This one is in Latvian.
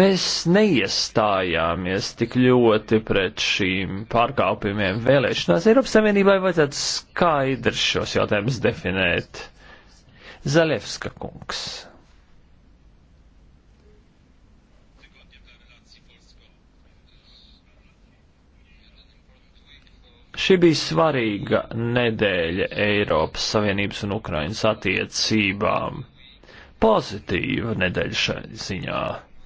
Mēs neiestājāmies tik ļoti pret šīm pārkāpumiem vēlēšanās. Eiropas Savienībai vajadzētu skaidri šos jautājumus definēt. Zalevska kungs. Šī bija svarīga nedēļa Eiropas Savienības un Ukrainas attiecībām. Pozitīva nedēļa šai ziņā.